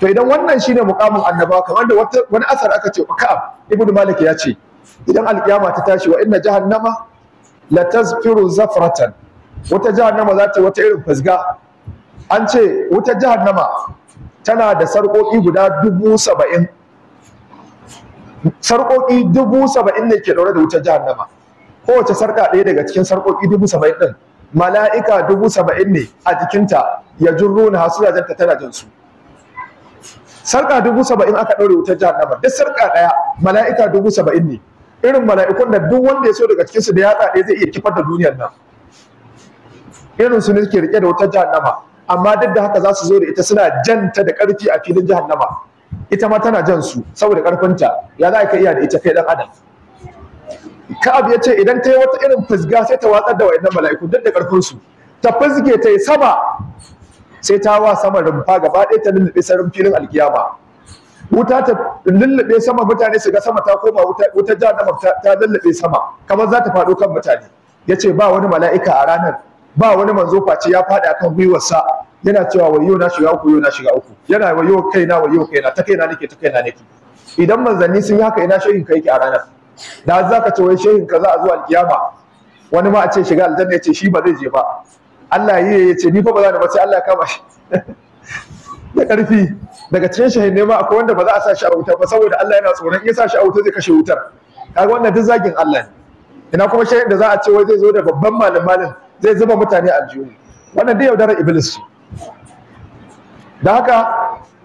to idan wannan shine muqamin annabawa kamar da wani asar aka ce ka'ab ibnu malik ya ce idan alkiyama ta tashi wa inna jahannama la tazfiru zafratan wata jahannama za ta wata irin fasga an ce wata jahannama tana da sarƙoƙi guda dubu saba'in sarƙoƙi dubu saba'in ne ke ɗaure da wutar jahannama kowace sarƙa ɗaya daga cikin sarƙoƙi dubu saba'in ɗin mala'ika dubu saba'in ne a jikinta ya hasu da hasu tana jin su sarka dubu saba'in aka ɗaure wutar jahannama duk sarka ɗaya mala'ika dubu saba'in ne irin mala'ikun da duk wanda ya so daga cikinsu da yatsa ɗaya zai iya kifar da duniyar nan irin su ne suke rike da wutar jahannama amma duk da haka za su zo da ita suna janta da ƙarfi a filin jahannama ita ma tana jan su saboda ƙarfinta ya za ka iya da ita kai dan adam Ka'ab ya ce idan ta yi wata irin fuzga sai ta watsar da wa'annan mala'iku duk da ƙarfinsu ta fizge ta yi sama sai ta wa sama rumfa gaba ɗaya ta lullube sarin filin alkiyama wuta ta lullube sama mutane su ga sama ta koma wuta jahannama ta lullube sama kamar za ta faɗo kan mutane yace ba wani mala'ika a ranar ba wani manzo face ya faɗi akan gwiwarsa yana cewa wayo na shiga uku yau na shiga uku yana wayo kaina wayo kaina ta kaina nake ta kaina nake idan manzanni sun yi haka ina shehin ka yake a ranar da za ka ce wai shehin ka za a zo alkiyama wani ma a ce shiga aljanna ya ce shi ba zai je ba Allah ya yi ya ce ni fa ba za ni ba sai Allah ya kama shi da ƙarfi daga cikin ne ma akwai wanda ba za a sa shi a wuta ba saboda Allah yana tsoron in ya sa shi a wuta zai kashe wutar kaga wannan duk zagin Allah ne ina kuma shahid da za a ce wai zai zo da babban malam malam zai zuba mutane a aljihu wannan duk yaudarar iblis ce da haka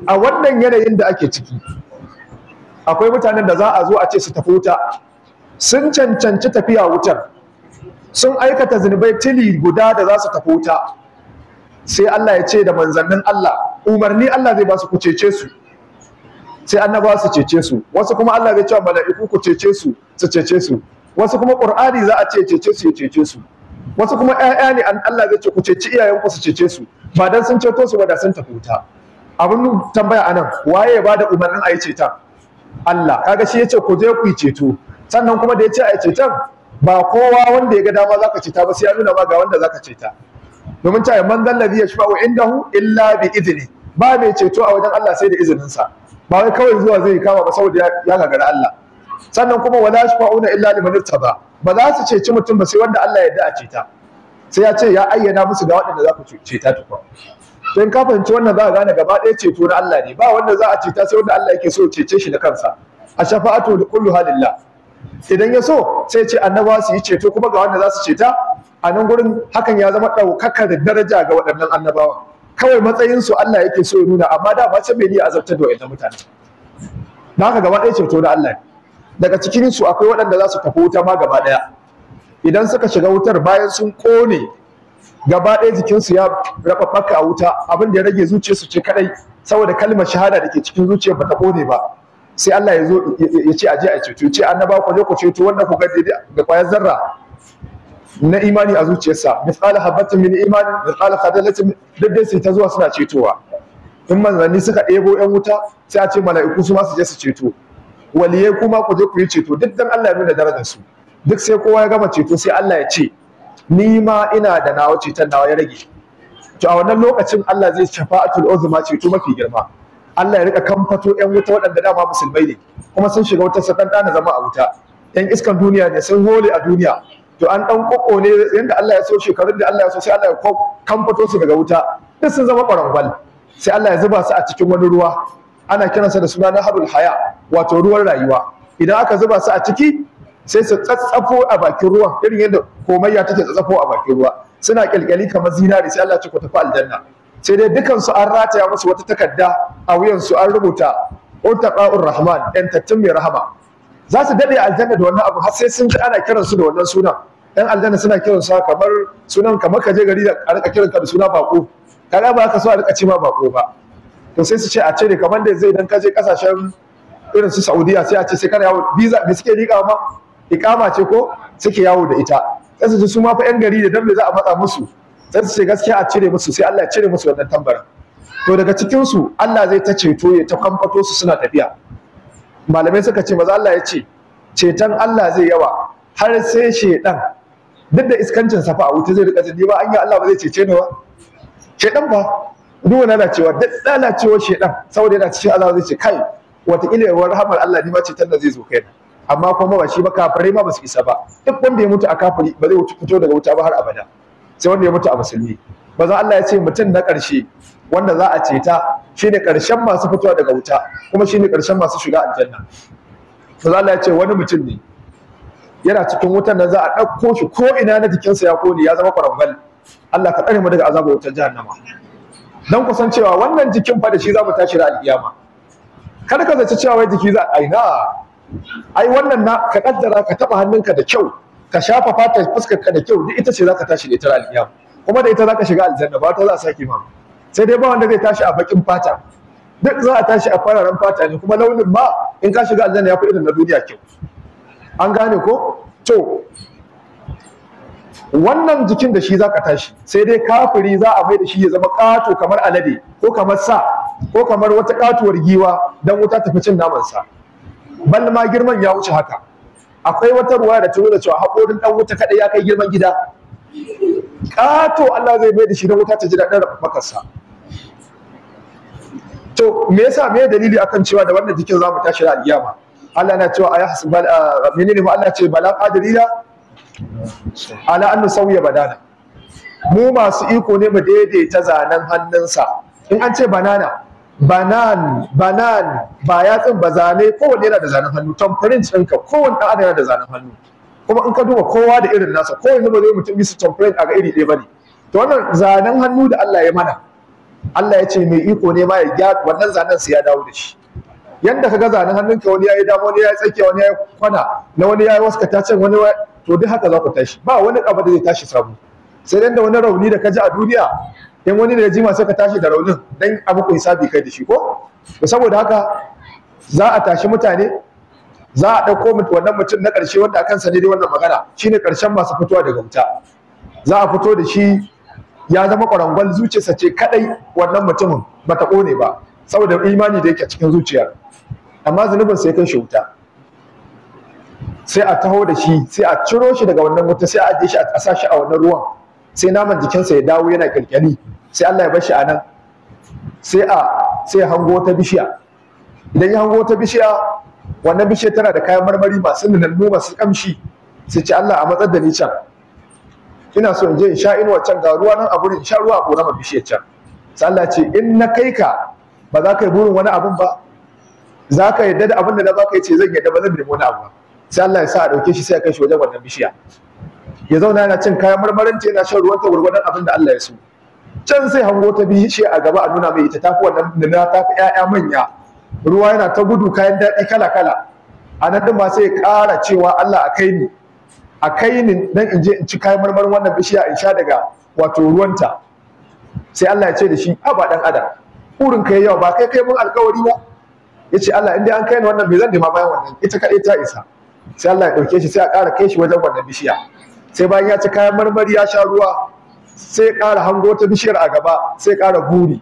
a wannan yanayin da ake ciki akwai mutanen da za a zo a ce su tafi wuta sun cancanci tafiya wutar sun aikata zunubai tili guda da za su tafi wuta sai Allah ya ce da manzannin Allah umarni Allah zai ba su ku cece su sai annabawa su cece su wasu kuma Allah zai ce wa mala'iku ku cece su su cece su wasu kuma qur'ani za a ce cece su ya cece su wasu kuma ƴaƴa ne an Allah zai ce ku ceci iyayenku su cece su ba dan sun ceto su ba da sun tafi wuta abin tambaya anan waye ya bada umarnin a yi ceton Allah kaga shi ya ce ku je ku yi ceto sannan kuma da ya ce a yi ceton ba kowa wanda ya ga dama zaka ceta ba sai ya nuna ma ga wanda zaka ceta domin ta man dal ladhi wa indahu illa bi idni ba mai ceto a wajen Allah sai da izinin sa ba wai kawai zuwa zai kama ba saboda ya gagara Allah sannan kuma wala yashfa'una illa liman irtada ba za su ceci mutum ba sai wanda Allah ya yarda a ta sai ya ce ya ayyana musu ga waɗanda za ku ta tukwa to in ka fahimci wannan za ka gane gaba ɗaya ceto na Allah ne ba wanda za a ta sai wanda Allah yake so cece shi da kansa a shafa'atu kullu halillah idan ya so sai ce annaba su yi ceto kuma ga wanda za su ceta a nan gurin hakan ya zama ɗaukaka da daraja ga waɗannan annabawa kawai matsayinsu Allah yake so ya nuna amma da ba ce mai azabtar da waɗannan mutane da haka gaba ɗaya ceto na Allah daga cikin su akwai waɗanda za su tafi wuta ma gaba ɗaya idan suka shiga wutar bayan sun kone gaba ɗaya jikinsu ya rababbaka a wuta abin da ya rage zuciyarsu ce kaɗai saboda kalmar shahada da ke cikin zuciyar ba ta kone ba sai Allah ya zo ya ce aje a ceto ce annaba ku je ku ceto wanda ku ga da kwayar zarra na imani a zuciyarsa misqala habatin min iman misqala khadalatin duk da sai ta zuwa suna cetowa in manzanni suka ɗebo yan wuta sai a ce mala'iku su ma su je su ceto waliye kuma ku je ku yi ceto duk dan Allah ya nuna darajar su duk sai kowa ya gama ceto sai Allah ya ce ni ma ina da nawa ceton nawa ya rage to a wannan lokacin Allah zai shafa'atul uzma ceto mafi girma Allah ya rika kamfato yan wuta waɗanda dama musulmai ne kuma sun shiga wutar sa na zama a wuta yan iskan duniya ne sun hole a duniya to an dan koko ne yanda Allah ya so shekarun da Allah ya so sai Allah ya kamfato su daga wuta duk sun zama ƙwarangwal sai Allah ya zuba su a cikin wani ruwa ana kiransa da suna na harul haya wato ruwan rayuwa idan aka zuba su a ciki sai su tsatsafo a bakin ruwa irin yadda komayya take tsatsafo a bakin ruwa suna kyalkyali kamar zinari sai Allah ya ce ku tafi aljanna sai dai dukansu an rataya musu wata takarda a wuyansu an rubuta utaqa'ur rahman yantattun mai rahama za su a aljanna da wannan abu har sai sun ji ana kiran su da wannan sunan yan aljanna suna kiran su kamar sunan kamar ka je gari da a rika kiran ka da suna bako kaga ba ka so a rika ce ma baƙo ba to sai su ce a ce ne kamar da zai dan ka je kasashen irin su Saudiya sai a ce sai kana yawo visa da suke rika ma ikama ce ko suke yawo da ita sai su ji su ma fa yan gari da dan me za a matsa musu sai su ce gaskiya a cire musu sai Allah ya cire musu wannan tambarin to daga cikin su Allah zai ta ceto ya ta kwamfato su suna tafiya malamai suka ce maza Allah ya ce ceton Allah zai yawa har sai shedan duk da iskancin safa a wuta zai rika jini, ba an Allah ba zai cece ni ba shedan ba duk wani lalacewa duk lalacewar shedan saboda yana cikin Allah zai ce kai wataƙila yawar rahamar Allah ni ma ceton da zai zo kai amma kuma ba shi ba kafirai ma ba su isa ba duk wanda ya mutu a kafiri ba zai fito daga wuta ba har abada sai wanda ya mutu a musulmi za Allah ya ce mutum na ƙarshe wanda za a ce ceta shine ƙarshen masu fitowa daga wuta kuma shine ƙarshen masu shiga aljanna manzo Allah ya ce wani mutum ne yana cikin wutan nan za a ɗauko shi ko ina na jikinsa ya kone ya zama kwarangal Allah ka tsare mu daga azabar wutar jahannama dan kusan cewa wannan jikin fa da shi za mu tashi ra alkiyama kada ka zaci cewa wai jiki za a na ai wannan na ka kaddara ka taba hannunka da kyau ka shafa fatar fuskar ka da kyau duk ita ce zaka tashi da ita alƙiyam kuma da ita zaka shiga aljanna ba ta za a saki ma sai dai ba wanda zai tashi a bakin fata duk za a tashi a fararen fata ne kuma launin ma in ka shiga aljanna ya fi irin na duniya kyau an gane ko to wannan jikin da shi zaka tashi sai dai kafiri za a mai da shi ya zama kato kamar alade ko kamar sa ko kamar wata katuwar giwa dan wuta tafi cin naman sa bal ma girman ya wuce haka akwai wata ruwa da ta nuna cewa haƙorin ɗan wuta kaɗai ya kai girman gida ƙato Allah zai mai da shi na wuta ta ji daɗin makarsa to me yasa me dalili akan cewa da wannan jikin zamu tashi da alƙiyama Allah na cewa ayah hasbal ah, menene Allah ce bala qadirina ala an sauya badana mu masu iko ne mu daidaita zanen hannunsa in an ce banana banan banan ba yatsun ba zane kowanne yana da zanen hannu tamfirin ɗinka kowanne ɗan adam yana da zanen hannu kuma in ka duba kowa da irin nasa ko yanzu ba zai mutum yi su tamfirin a ga iri ɗaya ba ne to wannan zanen hannu da Allah ya mana Allah ya ce mai iko ne ma ya gyara wannan zanen sai ya dawo da shi yanda ka ga zanen hannunka wani ya yi dama wani ya yi tsakiya wani ya yi kwana na wani ya yi ta can wani to duk haka za ku tashi ba wani abu da zai tashi sabo sai dan da wani rauni da ka ji a duniya dan wani da jima sai ka tashi da raunin dan abu ku hisabi kai da shi ko to saboda haka za a tashi mutane za a ɗauko wannan mutum na karshe wanda akan kansa ne dai wannan magana shine ƙarshen masu fitowa daga wuta za a fito da shi ya zama ƙwarangwal zuciyarsa ce kaɗai wannan mutumin bata kone ba saboda imani da yake cikin zuciyar amma zunubin sai kai shi wuta sai a taho da shi sai a ciro shi daga wannan wuta sai a ajiye shi a sa shi a wannan ruwan sai naman jikinsa ya dawo yana kyalkyali sai Allah ya bar shi a nan sai a sai hango ta bishiya idan ya hango ta bishiya wannan bishiya tana da kayan marmari masu nanannu masu kamshi sai ce Allah a matsar da ni can ina so in je in sha inuwa can ga ruwa nan a gurin in sha ruwa a ƙorama bishiyar can sai Allah ce in na kai ka ba za ka yi burin wani abun ba za ka yarda da abin da na baka yi ce zan yarda ba zan nemi wani abu ba sai Allah ya sa a ɗauke shi sai a kai shi wajen wannan bishiya ya zauna yana cin kayan marmarin ce yana shan ruwan ta gurgurdan abin da Allah ya so can sai hango ta bi shi a gaba a nuna mai ita tafi wannan na tafi ƴaƴa manya ruwa yana ta gudu kayan daɗi kala kala a nan din ma sai ƙara cewa Allah a kai ni a kai ni dan in je in ci kayan marmarin wannan bishiya in sha daga wato ruwanta sai Allah ya ce da shi a ba dan adam urin kai yawa ba kai kai mun alkawari ba yace Allah in dai an kai ni wannan bai zan dima bayan wannan ita kadai ta isa sai Allah ya dauke shi sai a ƙara kai shi wajen wannan bishiya sai bayan ya ci kayan marmari ya sha ruwa sai ya ƙara hango ta bishiyar a gaba sai ya ƙara buri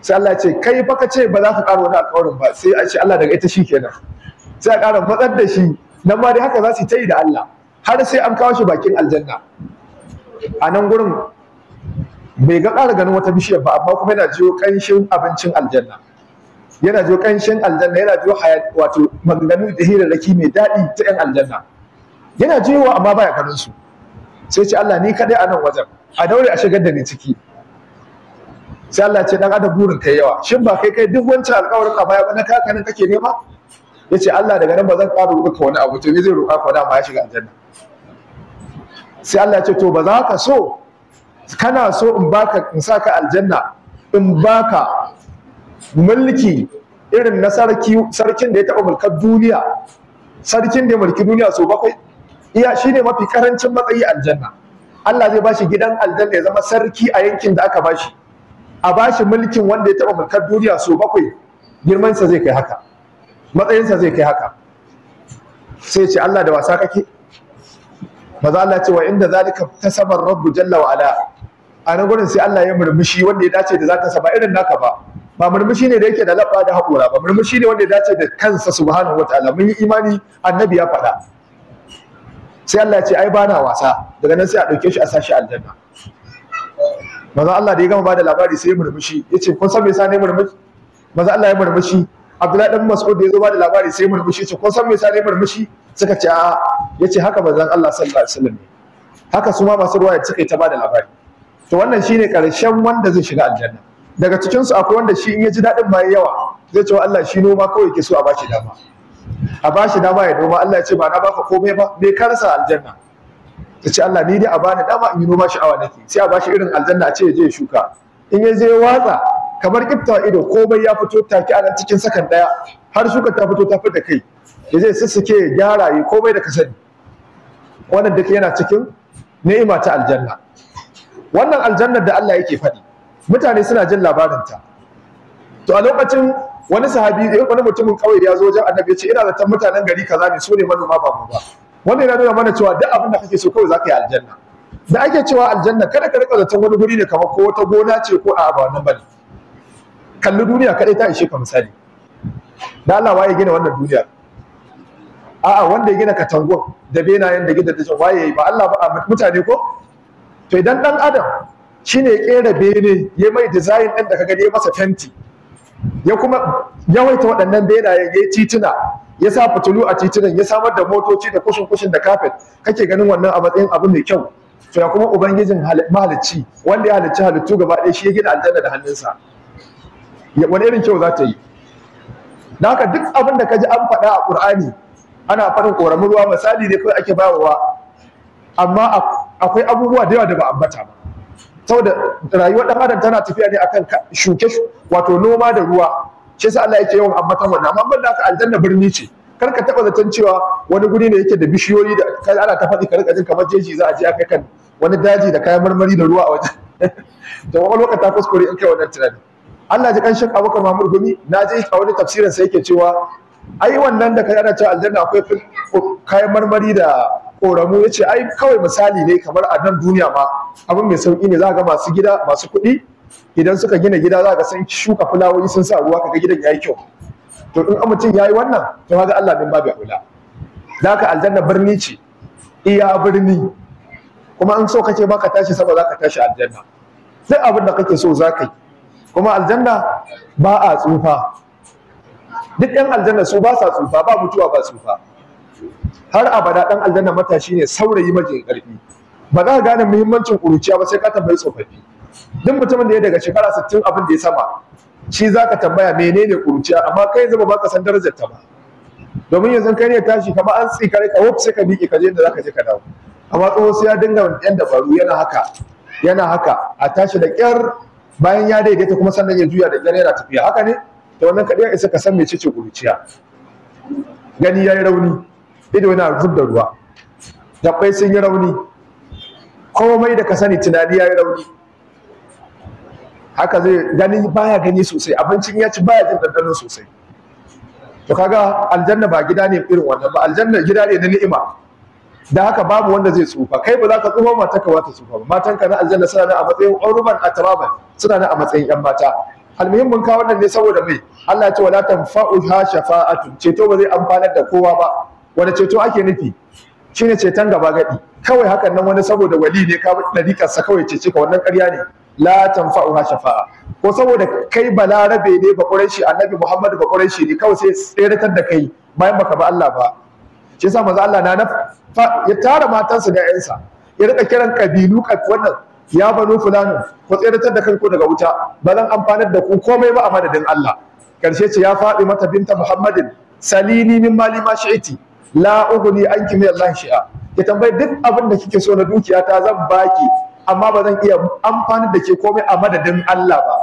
sai Allah ce kai fa ka ce ba za ka ƙara wani alƙawarin ba sai a ce Allah daga ita shi kenan sai a ƙara matsar da shi nan ma dai haka za su ta yi da Allah har sai an kawo shi bakin aljanna a nan gurin bai ga ƙara ganin wata bishiyar ba amma kuma yana jiyo ƙanshin abincin aljanna yana jiyo ƙanshin aljanna yana jiyo wato maganganu da hirarraki mai daɗi ta 'yan aljanna yana jiwa amma baya ganin su sai ce Allah ni kadai a nan wajen a daure a shigar da ni ciki sai Allah ce dan adam burin kai yawa shin ba kai kai duk wancan alƙawarin a baya ba na kaka nan kake nema yace Allah daga nan ba zan ƙara roƙa wani abu to me zai roƙa ka dama ya shiga aljanna sai Allah ce to ba za ka so kana so in baka in saka aljanna in baka mulki irin na sarki sarkin da ya taɓa mulkar duniya sarkin da ya mulki duniya so bakwai iya shine mafi karancin matsayi aljanna Allah zai bashi gidan aljanna ya zama sarki a yankin da aka bashi a bashi mulkin wanda ya taba mulkar duniya so bakwai girman sa zai kai haka matsayin sa zai kai haka sai ce Allah da wasa kake maza Allah ce wa inda zalika tasabar rabbu jalla wa ala a nan gurin sai Allah ya murmushi wanda ya dace da zaka sa ba irin naka ba ba murmushi ne da yake da labba da haƙura ba murmushi ne wanda ya dace da kansa subhanahu wataala mun yi imani annabi ya faɗa sai Allah ya ce ai bana wasa daga nan sai a dauke shi a sashi aljanna manzo Allah da ya gama bada labari sai ya murmushi yace kun san me yasa ne murmushi manzo Allah ya murmushi Abdullahi dan Mas'ud da ya zo bada labari sai ya murmushi yace kun san me yasa ne murmushi suka ce a yace haka manzon Allah sallallahu alaihi wasallam haka su ma masu ruwaya suka yi ta bada labari to wannan shine karshen wanda zai shiga aljanna daga cikin su akwai wanda shi in ya ji dadin ba yawa zai ce wa Allah shi noma kawai ke so a bashi dama a bashi dama ya noma Allah ya ce ba na baka komai ba me ka rasa aljanna ta ce Allah ni dai a bani dama in yi noma sha'awa nake sai a bashi irin aljanna a ce ya je ya shuka in ya je ya watsa kamar kifta ido komai ya fito take a nan cikin sakan daya har shuka ta fito ta fita kai ya zai sussuke gyara yi komai da ka sani wannan duk yana cikin ni'ima ta aljanna wannan aljannar da Allah yake faɗi mutane suna jin labarin ta. to a lokacin wani sahabi eh, wani mutumin kauye ya zo wajen annabi ya ce ina zaton mutanen gari kaza ne su ne manoma ba mu ba wannan yana nuna mana cewa duk abin da kake so kawai za ka yi aljanna da ake cewa aljanna kada ka rika zaton wani guri ne kamar ko wata gona ce ko a ba wannan bane kalli duniya kadai ta ishe ka misali da Allah waye gina wannan duniya a'a wanda ya gina katangon da benayen da gidan da waye ba Allah ba mutane ko to idan dan adam shine ya kera bene ya mai design din da kaga ne masa fenti ya kuma yawaita waɗannan benayen ya yi tituna ya sa fitilu a titunan ya samar da motoci da kushin kushin da kafet kake ganin wannan a matsayin abu mai kyau to ya kuma ubangijin mahalicci wanda ya halicci halittu gaba ɗaya shi ya gina aljanna da hannunsa wani irin kyau za ta yi da haka duk abin da ka ji an faɗa a ƙur'ani ana faɗin ƙoramin ruwa misali ne kawai ake bayarwa, amma akwai abubuwa da yawa da ba ambata ba saboda rayuwar dan adam tana tafiya ne akan shuke wato noma da ruwa shi yasa Allah yake yawan ambata wannan amma ban da aljanna birni ce kar ka taba zaton cewa wani guri ne yake da bishiyoyi da kai ana ta faɗi ka rika jin kamar jeji za a je aka kan wani daji da kayan marmari da ruwa a wajen to wani lokaci ta kuskure in kai wannan tunani Allah ji kan shek Abubakar Mahmud Gumi na je a wani tafsirin sa yake cewa ai wannan da kai ana cewa aljanna akwai kayan marmari da koramu ya ce ai kawai misali ne kamar a nan duniya ma abin mai sauki ne za ga masu gida masu kuɗi idan suka gina gida za ga san shuka fulawoyi sun sa ruwa kaga gidan yayi kyau to in mutum yayi wannan to ga Allah min babu aula Za ka aljanna birni ce iya birni kuma in so kake baka tashi saboda za ka tashi aljanna duk abin da kake so za ka yi kuma aljanna ba a tsufa duk yan aljanna su ba sa tsufa ba mutuwa ba tsufa har abada ɗan aljanna matashi ne saurayi maji karfi ba za ka gane muhimmancin ƙuruciya ba sai ka tambayi tsofaffi duk mutumin da ya daga shekara 60 abin da ya sama shi za ka tambaya menene ƙuruciya amma kai zama ba ka san darajar ta ba domin yanzu kai ne tashi kamar an tsikare ka wuf sai ka miƙe ka je inda za ka je ka dawo amma tsohon sai ya dinga yan dabaru yana haka yana haka a tashi da ƙyar bayan ya daidaita kuma sannan ya juya da ƙyar yana tafiya haka ne da wannan kaɗai ya isa ka san mecece kuruciya? gani ya yi rauni ido yana zub da ruwa gaɓɓai sun yi rauni komai da ka sani tunani ya yi rauni haka zai gani baya gani sosai abincin ya ci baya jin ɗanɗano sosai to kaga aljanna ba gida ne irin wannan ba aljanna gida ne na ni'ima da haka babu wanda zai tsufa kai ba za ka tsufa matanka ba ta tsufa ba matanka na aljanna suna nan a matsayin auruban atraban suna nan a matsayin yan mata almuhimmin kawo wannan ne saboda mai Allah ya ce wala ha shafa'atu ceto ba zai amfanar da kowa ba wani ceto ake nufi shine ceton gaba gadi kawai hakan nan wani saboda wali ne ka dariƙar sa kawai cece ka wannan ƙarya ne la ha shafa'a ko saboda kai balarabe ne ba quraishi annabi Muhammad ba shi ne kawai sai tseratar da kai bayan baka ba Allah ba shi yasa manzo Allah na ya tara matansa da 'yansa ya rika kiran kabilu wannan ya banu fulani ku tsiratar da kanku daga wuta ba zan amfanar da ku komai ba a madadin Allah karshe ce ya faɗi mata binta Muhammadin salini min mali ma shi'iti la ughni anki min Allah shi'a ki tambayi duk abin da kike so na dukiya ta zan baki amma ba zan iya amfani da ke komai a madadin Allah ba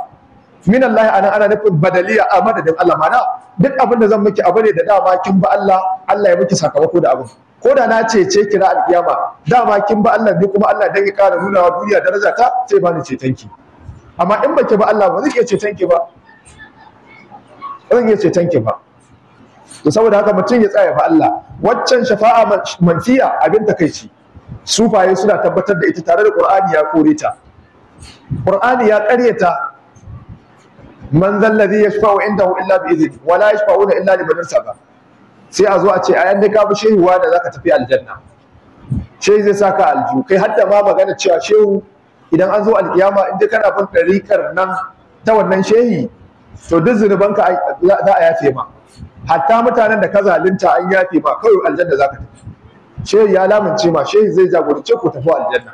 min Allah anan ana nufin badaliya a madadin Allah mana duk abin da zan miki abu ne da dama kin ba Allah Allah ya miki sakamako da abin ko da na ce ce kira alkiyama dama kin ba Allah ne kuma Allah dan ya kara nuna wa duniya daraja ta sai ba ni ceten ki amma in baki ba Allah ba zai iya ba zai iya ba to saboda haka mutum ya tsaya ba Allah waccan shafa'a manfiya abin takeici sufaye suna tabbatar da ita tare da Qur'ani ya kore ta Qur'ani ya ƙaryata man zalladhi yashfa'u indahu illa bi idhni wala la yashfa'una illa liman ba. sai a zo a ce ayan da ka bi shehu da zaka tafi aljanna shehu zai saka aljihu kai hadda ma magana cewa shehu idan an zo alkiyama in dai kana bin dariƙar nan ta wannan shehi to duk zunubanka za a yafe ma hatta mutanen da ka zalunta an yafe ma kawai aljanna za ka tafi shehu ya lamunce ma shehu zai jagorance ku tafi aljanna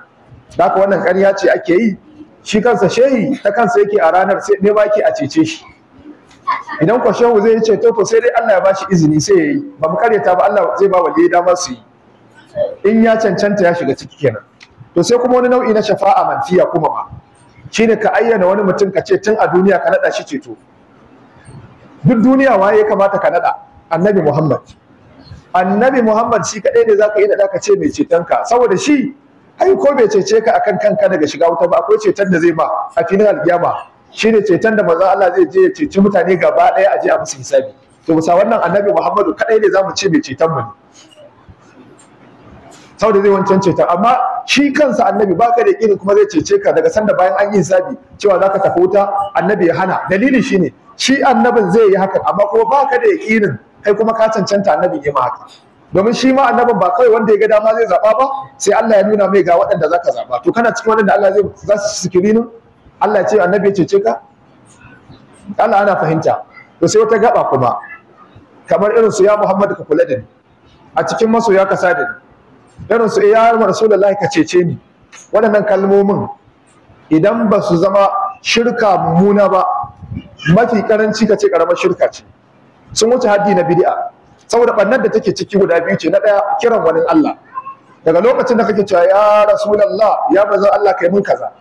da haka wannan ƙarya ce ake yi shi kansa shehi ta kansa yake a ranar sai ne ba a cece shi idan ko shehu zai ce to to sai dai Allah ya ba shi izini sai ya yi ba mu karyata ba Allah zai ba waliyai dama su yi in ya cancanta ya shiga ciki kenan to sai kuma wani nau'i na shafa'a manfiya kuma ba shine ka ayyana wani mutum ka ce tun a duniya ka nada shi ceto duk duniya waye ya kamata ka nada annabi Muhammad annabi Muhammad shi kadai ne zaka yi nada ka ce mai cetonka saboda shi ai ko bai cece ka akan kanka daga shiga wuta ba akwai ceton da zai ba a filin alkiyama shine ceton da manzon Allah zai je ya ceci mutane gaba ɗaya a je a musu hisabi to musa wannan annabi Muhammadu kadai ne zamu ce mai ceton mu ne saboda zai wancan ceton amma shi kansa annabi baka da irin kuma zai cece ka daga sanda bayan an yi hisabi cewa zaka tafi wuta annabi ya hana dalili shine shi annabin zai yi haka amma kuma baka da irin kai kuma ka cancanta annabi ya ma haka domin shi ma annabin ba kawai wanda ya ga dama zai zaba ba sai Allah ya nuna mai ga waɗanda ka zaba to kana cikin waɗanda Allah zai za su sikirinin Allah ce annabi ya cece ka Allah ana fahimta to sai wata gaba kuma kamar irin su ya Muhammad ka kula da ni a cikin masoya kasa da ni irin su ya Rasulullahi ka cece ni waɗannan kalmomin idan ba su zama shirka mummuna ba mafi karanci ka ce karamar shirka ce sun wuce haddi na bid'a saboda bannan da take ciki guda biyu ce na daya kiran wani Allah daga lokacin da kake cewa ya Rasulullah ya bazan Allah kai mun kaza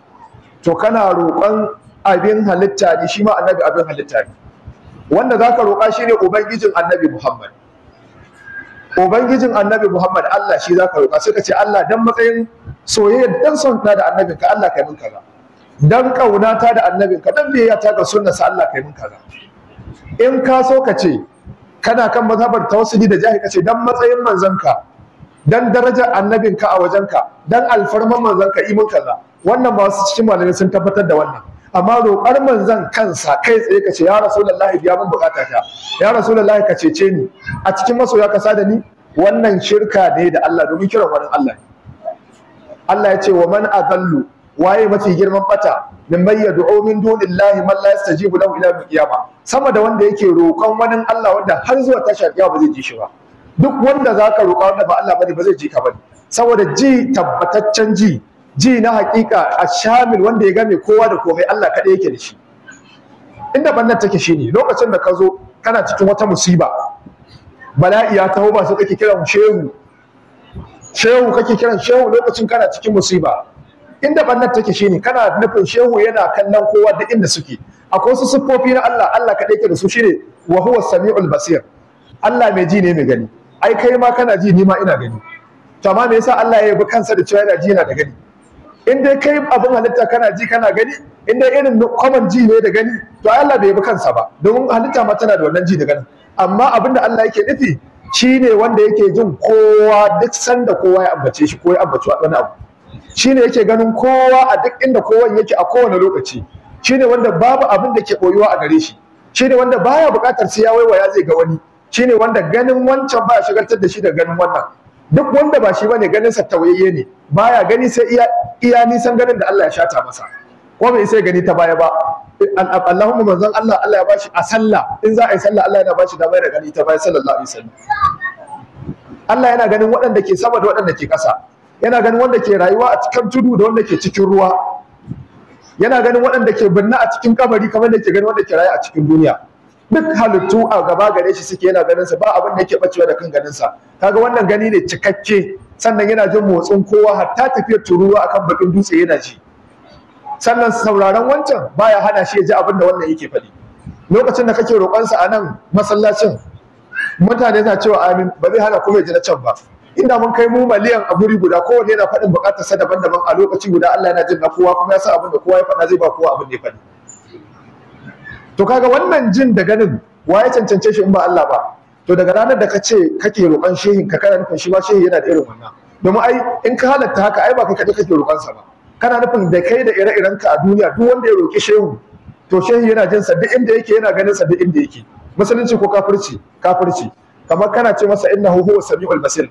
to kana roƙon abin halitta ne shi ma annabi abin halitta ne wanda za ka roƙa shi ne ubangijin annabi muhammad ubangijin annabi muhammad allah shi za ka roƙa suka ce allah dan matsayin soyayyar dan son da annabin ka allah kai min kaza dan kauna ta da annabin ka dan biyayya ta ga sunnar sa allah kai min kaza in ka so ka ce kana kan mazhabar tawassuli da jahi ka ce dan matsayin manzon ka dan darajar annabin ka a wajen ka dan alfarman manzon ka imin kaza wannan ba su cikin malamai sun tabbatar da wannan amma roƙar manzan kansa kai tsaye ka ce ya rasulullahi biya min bukata ta ya rasu rasulullahi ka cece ni a cikin masoya ka sada ni wannan shirka ne da Allah domin kiran wani Allah Allah ya ce wa man adallu waye mafi girman bata min man yad'u min dunillahi man la yastajibu lahu ila al-qiyamah sama da wanda yake roƙon wani Allah wanda har zuwa tashar kiyama ba zai ji shi ba duk wanda zaka roƙa wanda ba Allah bane ba zai ji ka bane saboda ji tabbataccen ji ji na hakika a shamil wanda ya game kowa da komai Allah kaɗai yake da shi inda bannan take shi ne lokacin da ka zo kana cikin wata musiba bala'i ya taho ba sai kake kiran shehu shehu kake kiran shehu lokacin kana cikin musiba inda bannan take shi ne kana nufin shehu yana kallon kowa da inda suke akwai wasu siffofi na Allah Allah kaɗai yake da su shine wa huwa samiul basir Allah mai ji ne mai gani ai kai ma kana ji ni ma ina gani to amma me yasa Allah ya yabi kansa da cewa yana ji yana da gani in dai kai abin halitta kana ji kana gani in dai irin kwaman ji ne da gani to Allah bai bi kansa ba Don halitta ma tana da wannan ji da gani amma abin da Allah yake nufi shine wanda yake jin kowa duk sanda kowa ya ambace shi ko ya ambaci wani abu shine yake ganin kowa a duk inda kowa yake a kowane lokaci shine wanda babu abin da ke koyuwa a gare shi shine wanda baya buƙatar sai ya waiwaya zai ga wani shine wanda ganin wancan baya shigartar da shi da ganin wannan duk wanda ba shi bane ganin sa tawayye ne baya gani sai iya iya nisan ganin da Allah ya shata masa ko bai sai gani ta baya ba Allahumma manzon Allah Allah ya bashi a sallah in za a yi sallah Allah yana bashi damar da gani ta baya sallallahu alaihi wasallam Allah yana ganin waɗanda ke sama da waɗanda ke ƙasa yana ganin wanda ke rayuwa a cikin tudu da wanda ke cikin ruwa yana ganin waɗanda ke binna a cikin kabari kamar da ke ganin wanda ke rayuwa a cikin duniya duk halittu a gaba gare shi suke yana ganin sa ba abin da yake bacewa da kan ganin sa kaga wannan gani ne cikakke sannan yana jin motsin kowa hatta tafiyar turuwa akan bakin dutse yana ji sannan sauraron wancan baya hana shi ya ji abin da wannan yake faɗi lokacin da kake roƙon sa a nan masallacin mutane na cewa amin ba zai hana kuma ya ji na can ba inda mun kai mu maliyan a guri guda kowanne yana faɗin sa daban-daban a lokaci guda Allah yana jin na kowa kuma ya sa abin da kowa ya faɗa zai ba kowa abin da ya faɗi to kaga wannan jin da ganin wa ya cancance shi in ba Allah ba to daga ranar da kace kake roƙon shehin ka kana nufin shi ba shehi yana da irin wannan domin ai in ka halatta haka ai ba kai kaɗai kake roƙon sa ba kana nufin da kai da ire-iren ka a duniya duk wanda ya roƙi shehu to shehu yana jin sa duk inda yake yana ganin sa duk inda yake musulunci ko kafirci kafirci kamar kana ce masa innahu huwa samiul basir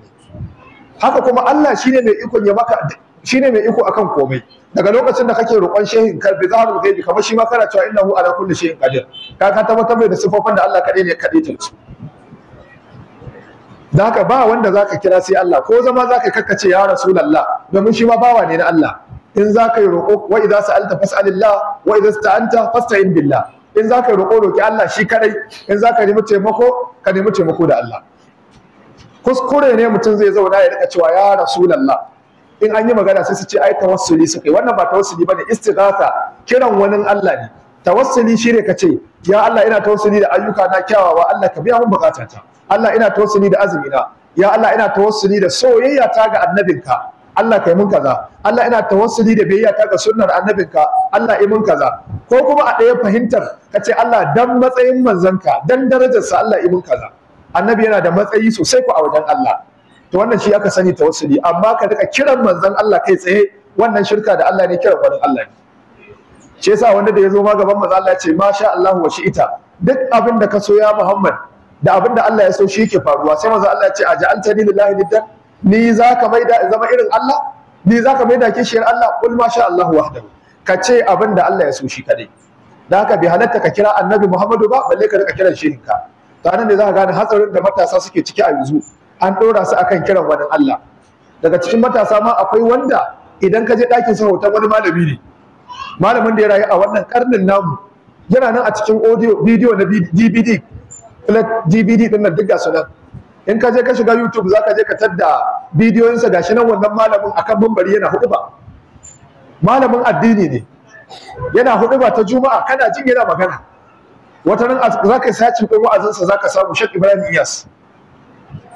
haka kuma Allah shine mai ikon ya maka shine mai iko akan komai daga lokacin da kake roƙon shehin ka bi zaharul ghaibi kamar shi ma kana cewa innahu ala kulli shay'in qadir ka ka tabbatar mai da sifofin da Allah kade ne kade ta su da haka ba wanda zaka kira sai Allah ko zama zaka kakkace ya rasulullah domin shi ma bawa ne na Allah in zaka yi roƙo wa idza sa'alta fas'alillah wa idza sta'anta fasta'in billah in zaka yi roƙo roƙi Allah shi kadai in zaka nemi taimako ka nemi taimako da Allah kuskure ne mutum zai zauna ya rika cewa ya rasulullah in an yi magana sai su ce ai tawassuli su yi wannan ba tawassuli bane istighatha kiran wani Allah ne tawassuli shine ka ce ya Allah ina tawassuli da ayyuka na kyawawa Allah ka biya mun bukatata Allah ina tawassuli da azumi na ya Allah ina tawassuli da soyayya ta ga annabinka Allah kai mun kaza Allah ina tawassuli da biyayya ta ga sunnar annabinka Allah yi mun kaza ko kuma a ɗaya fahimtar ka ce Allah dan matsayin manzanka dan darajarsa Allah yi mun kaza annabi yana da matsayi sosai ku a wajen Allah to wannan shi aka sani tawassuli amma ka rika kiran manzon Allah kai tsaye wannan shirka da Allah ne kiran wani Allah ne shi yasa wanda da ya zo ma gaban manzo Allah ya ce masha Allah wa shi'ita duk abin da ka so ya Muhammad da abin da Allah ya so shi yake faruwa sai manzo Allah ya ce aja'altani lillahi niddan ni zaka maida zama irin Allah ni zaka maida kishiyar Allah kul masha Allah wahdahu ka ce abin da Allah ya so shi kadai da haka bai halatta ka kira annabi Muhammadu ba balle ka rika kiran shirin ka. Sani ne ka gane hatsarin da matasa suke ciki a yanzu an ɗora su akan kiran wani Allah daga cikin matasa ma akwai wanda idan ka je ɗakin sa hoton wani malami ne malamin da ya rayu a wannan karnin namu yana nan a cikin audio bidiyo na DVD DVD din nan duk su nan. in ka je ka shiga YouTube za ka je ka tadda bidiyoyinsa gashi nan wannan malamin akan bambari yana huɗuba malamin addini ne yana huɗuba ta juma'a kana jin yana magana wata nan za ka yi sacin ɗin wa'azinsa za ka samu shek ibrahim iyas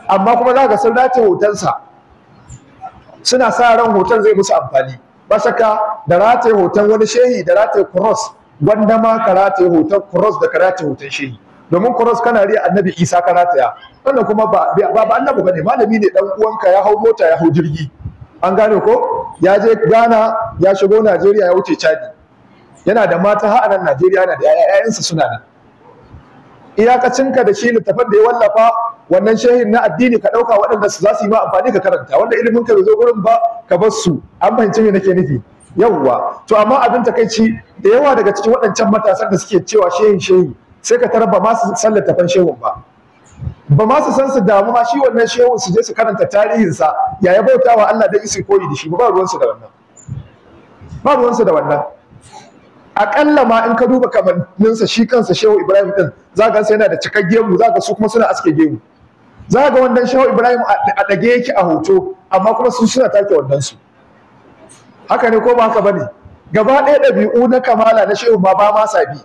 amma kuma za ka san dace hotonsa suna sa ran hoton zai musu amfani ba shakka da rataye hoton wani shehi da rataye cross gwanda ma ka rataye hoton cross da ka hoton shehi domin cross kana riya annabi isa ka rataya wannan kuma ba ba annabi bane malami ne dan uwanka ya hau mota ya hau jirgi an gane ko ya je Ghana ya shigo Najeriya ya wuce Chadi yana da mata har nan Najeriya yana da ƴaƴansa suna nan iyakacinka da shi littafin da ya wallafa wannan shehin na addini ka ɗauka waɗanda za su yi ma amfani ka karanta wanda ilimin ka bai zo gurin ba ka bar su an fahimci me nake nufi yawwa to amma abin takaici da yawa daga cikin waɗancan matasan da suke cewa shehin shehi sai ka tarar ba ma su san littafan shehun ba ba ma su san su damu ma shi wannan shehun su je su karanta tarihinsa ya ya bautawa Allah da isi koyi da shi ba ruwansu da wannan ba ruwansu da wannan akalla ma in ka duba kamanninsa shi kansa shehu ibrahim din za sa yana da cikakken gemu za ga su kuma suna aske gemu za ga wannan shehu ibrahim a ɗage yake a hoto amma kuma sun suna take wannan su haka ne ko ba haka bane gaba ɗaya ɗabi'u na kamala na shehu ma ba ma sabi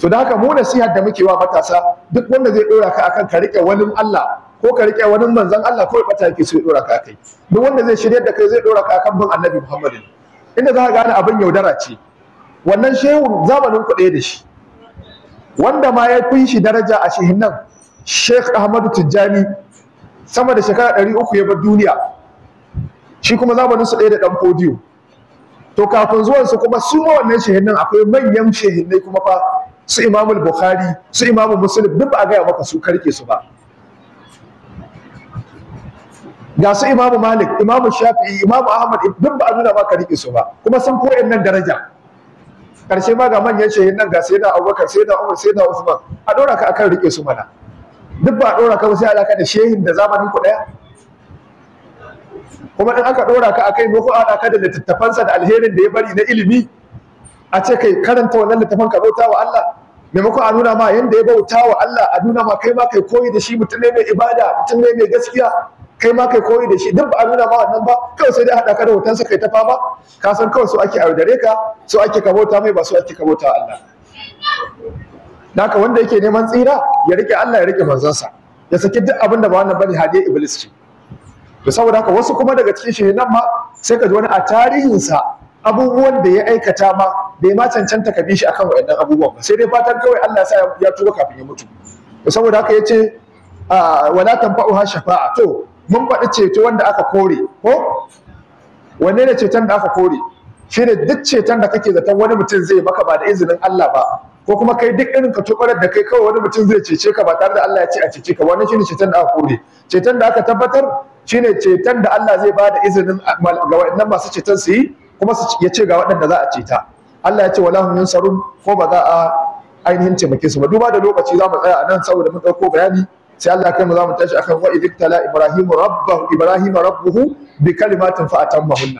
to da haka mu nasihar da muke wa matasa duk wanda zai dora ka akan ka rike wani Allah ko ka rike wani manzon Allah ko bata yake so ya dora ka kai duk wanda zai shirye da kai zai dora ka akan bin Annabi Muhammad inda za ka gane abin yaudara ce wannan shehu zamanin ku ɗaya da shi wanda ma ya fi shi daraja a shehin nan Sheikh Ahmadu Tijjani sama da shekara ɗari uku ya bar duniya shi kuma zamanin su ɗaya da ɗan fodiyo to kafin zuwan su kuma su ma wannan shehin nan akwai manyan ne kuma fa su Imamul Bukhari su Imamul Muslim duk ba a gaya maka su karke su ba ga su Imamu Malik Imamu Shafi'i Imamul Ahmad duk ba a nuna maka rike su ba kuma sun koyan nan daraja karshe ma ga manyan shehin nan ga sai da abubakar sai da umar sai da usman a dora ka akan rike su mana duk ba a dora ka ba sai alaka da shehin da zamanin ku daya kuma in aka dora ka akai ko a ka da littattafansa da alherin da ya bari na ilimi a ce kai karanta wannan littafin ka bauta wa Allah maimakon a nuna ma yanda ya bauta wa Allah a nuna ma kai ma kai koyi da shi mutum mai ibada mutum mai gaskiya kai ma kai koyi da shi duk ba a nuna ma wannan ba kawai sai dai haɗa ka da hotonsa kai ta ba. ka san kawai so ake aure ka so ake kabota mai ba so ake kabota Allah Naka wanda yake neman tsira ya rike Allah ya rike manzansa ya saki duk abin da ba wannan bane hadiya iblis ce to saboda haka wasu kuma daga cikin shi nan ma sai ka ji wani a tarihin sa abubuwan da ya aikata ma bai ma cancanta ka bi shi akan waɗannan abubuwan ba sai dai fatan kawai Allah sa ya tuba kafin ya mutu saboda haka yace ah, wala tanfa'uha shafa'a to mun faɗi ceto wanda aka kore ko wanne ne ceton da aka kore shi ne duk ceton da kake zaton wani mutum zai maka ba da izinin Allah ba ko kuma kai duk irin ka tubarar da kai kawai wani mutum zai cece ka ba tare da Allah ya ce a cece ka wannan shine ceton da aka kore ceton da aka tabbatar shine ceton da Allah zai ba da izinin ga waɗannan masu ceton su yi kuma ya ce ga waɗanda za a ceta Allah ya ce wala hum yansarun ko ba za a ainihin taimake su ba duba da lokaci za mu tsaya a nan saboda mun ɗauko bayani sai Allah kai mu za mu tashi akan wa idh tala ibrahim rabbahu ibrahim rabbuhu bi kalimatin fa atammahunna